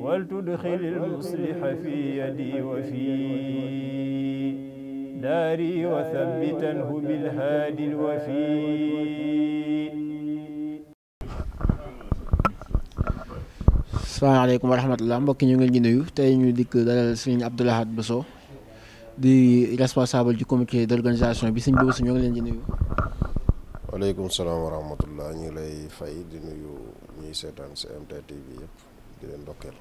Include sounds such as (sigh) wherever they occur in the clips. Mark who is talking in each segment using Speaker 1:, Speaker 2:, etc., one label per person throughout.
Speaker 1: ولتدخل المصلح في يدي وفي داري وثبتنه بالهادي الوفي wa rahmatullah mbokki ñu ngi leen di ñu dikk dalal sëñ Abdou Lahad Bousso di responsable du comité d'organisation bi sëñ bi Bousso ñu ngi leen di nuyu. waaleykum salaam wa rahmatullah fay di nuyu ñuy seetaan GMT TV yëpp di leen ndokkeel.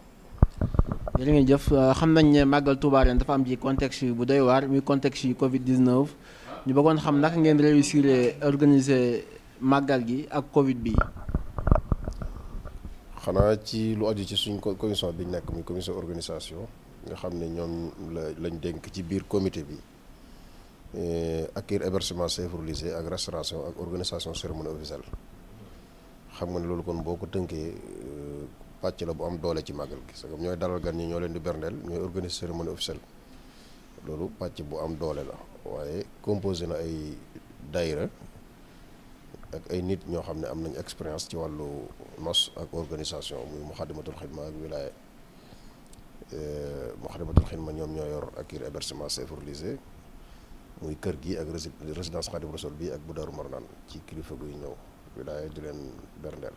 Speaker 1: jërë ngeen jëf euh, xam nañ ne màggal Touba ren dafa am ji contexte yu bu doy waar muy contexte yu Covid 19 ñu bëggoon xam naka ngeen réussir organiser màggal gi ak Covid bi xanaa ci lu aju ci suñ commission bi ñu nekk muy commission organisation nga xam ne ñoom la lañ dénk ci biir comité bi eh, accueil hébergement chefs religieux ak restauration ak organisation cérémonie officielle xam nga ne loolu kon boo ko tënkee. Euh, pàcc la bu am doole ci màggal gi sagam ñooy dalal gan ñi ñoo leen di berndeel ñooy organiser cérémonie officielle loolu pàcc bu am doole la waaye composé na ay daayira ak ay nit ñoo xam ne am nañ expérience ci wàllu nos ak organisation muy Muxaddamatul Xidma ak wilaaya eh, Muxaddamatul Xidma ñoom ñoo yor ak ir hébergement muy kër gi ak résidence Xaadimu Rasuul bi ak bu Daaru Marnaan ci kilifa guy ñëw wilaaya di leen berndeel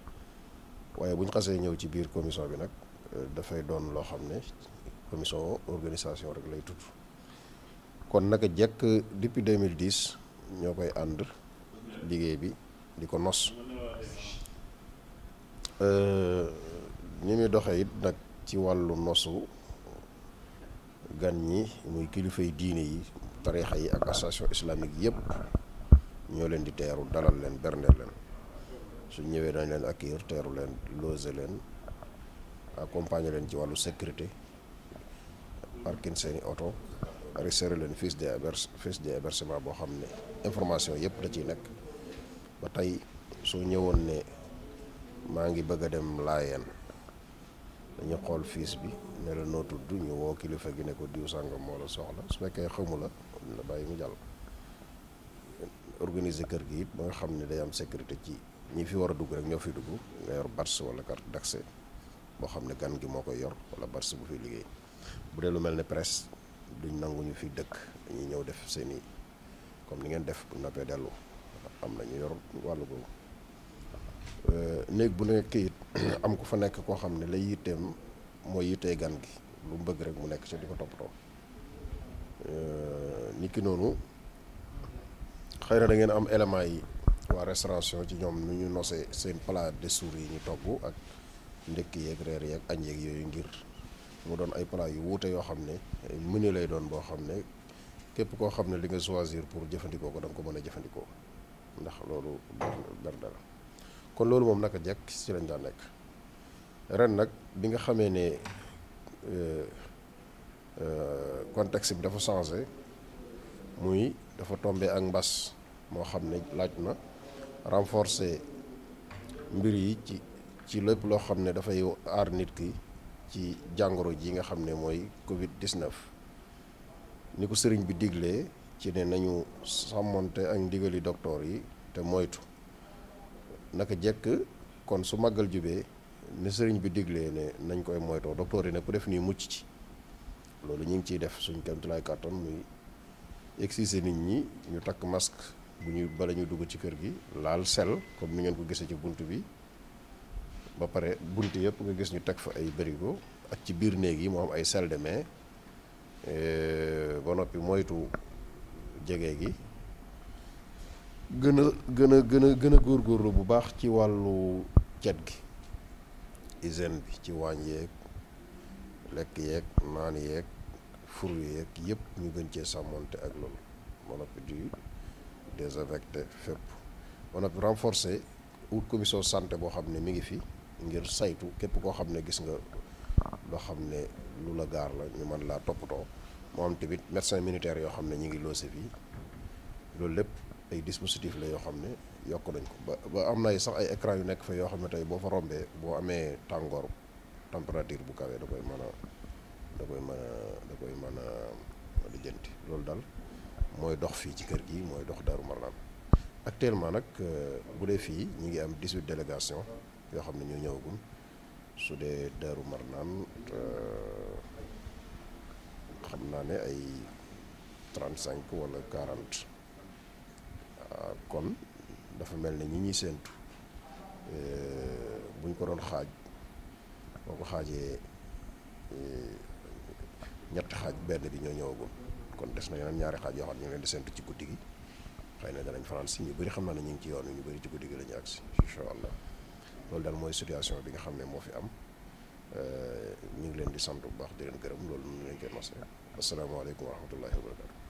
Speaker 1: waaye buñ xasee ñëw ci biir commission bi nag euh, dafay doon loo xam ne commission organisation rek lay tudd kon naka jekk depuis 2010 ñoo koy ànd liggéey bi di ko nos euh, ni muy doxee it nag ci wàllu nosu gan ñi muy kilifay diine yi tarixa yi ak association islamique yëpp ñoo leen di teeru dalal leen berndeel leen su ñëwee dañ leen accueillir teeru leen loger leen accompagner leen ci wàllu sécurité parking seeni oto réserver leen fiche de fiche de hébergement boo xam ne information yëpp la ciy nekk ba tey soo ñëwoon ne maa ngi bëgg a dem laayeen dañu xool fiche bi ne la noo tudd ñu woo kilifa gi ne ko diw sàngam moo la soxla su fekkee xamu la bàyyi mu jàll organiser kër gi it ba nga xam ni day am sécurité ci ñi fi war a dugg rek ñoo fi dugg nga yor bars wala carte d'accès boo xam ne gan gi moo koy yor wala bars bu fi liggéey bu dee lu mel ne presse duñ nangu ñu fi dëkk dañuy ñëw def seen i comme ni ngeen def bu noppee dellu am na ñu yor wàllu googu euh, néeg bu nekk it (clears throat) am ku fa nekk koo xam ne lay yitteem mooy yittee gan gi lu mu bëgg rek mu nekk ci di ko toppatoo euh, nit ki noonu xëy na dangeen am élément yi waa restauration ci ñoom nu ñu nosee seen plat de souris yi ñu togg ak ndekki yeeg reer yeeg añ yeeg yooyu ngir mu doon ay plat yu wuute yoo xam ne menu lay doon boo xam ne képp koo xam ne li nga choisir pour jëfandikoo ko da ko mën a jëfandikoo ndax loolu bernde la kon loolu moom naka jekk ci lañ daan nekk ren nag bi nga xamee ne euh, euh, contexte bi dafa changé muy dafa tombé ak mbas moo xam ne laaj na renforcer mbir yi ci ci lépp loo xam ne dafay aar nit ki ci jàngoro ji nga xam ne mooy Covid 19. ni ko sëriñ bi diglee ci ne nañu sàmmonte ak ndigali docteur yi te moytu naka jekk kon su maggal jubee ne sëriñ bi digle ne nañ koy moytoo docteur yi ne ku def nii mucc ci loolu ñu ngi ciy def suñ kemtulaay kàttan muy exciser nit ñi ñu takk masque. bu ñu bala ñu dugg ci kër gi laal sel comme ni ngeen ko gisee ci bunt bi ba pare bunt yëpp nga gis ñu teg fa ay barigo ak ci biir néeg yi moo am ay sel de mais ba noppi moytu jege gi gën a gën a gën a gën a góorgóorlu bu baax ci wàllu cet gi hygiène bi ci waañ yeeg lekk yeeg naan yeeg furu yeeg yëpp ñu gën cee sàmmonte ak loolu ba noppi di désinfecté fépp ba noppi renforcer wut commission santé boo xam ne mi ngi fi ngir saytu képp koo xam ne gis nga loo xam ne lu la gaar la ñu mën laa toppatoo moo am tamit médecin militaire yoo xam ne ñu ngi loose fii loolu lépp ay dispositif la yoo xam ne yokk nañ ko ba am na ay sax ay écran yu nekk fa yoo xam ne tey boo fa rombee boo amee tàngoor température bu kawee da koy mën a da koy mën a da koy mën a lijjanti loolu dal mooy dox fii ci kër gi mooy dox Daaru Marnaan actuellement nag euh, bu dee fii ñu ngi am 18 délégation yoo xam ne ñoo ñëwagum su dee Daaru Marnaan euh, xam naa ne ay trent 35 wala 40 euh, kon dafa mel ne ñi ñuy séentu buñ ko doon xaaj boo ko xaajee ñetti xaaj benn bi ñoo ñëwagum. kon des na yeneen ñaari xaaj yoo xam ne ñu ngi leen di ci guddi gi xëy na danañ fanaan si ñu bëri xam naa ñu ngi ci yoon ñu bëri ci guddi gi la ñu agsi incha allah loolu daal mooy situation bi nga xam ne moo fi am euh, ñu ngi leen di sant bu baax di leen gërëm loolu mën nañ koy mase asalaamaaleykum wa rahmatullahi wa barakatu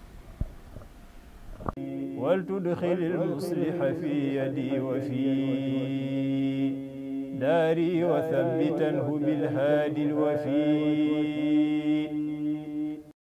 Speaker 1: ولتدخل المصلح في يدي وفي داري وثبته بالهادي الوفي